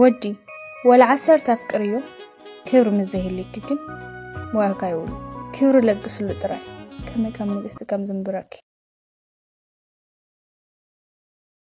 ወዲ ወላ ወለዓሰርተ እዩ ክብሪ ምዘይህልክ ግን ዋጋ ይብሉ ክብሪ ለግስሉ ጥራይ ከመይ ካብ ንግስቲ ከም ዝንብረኪ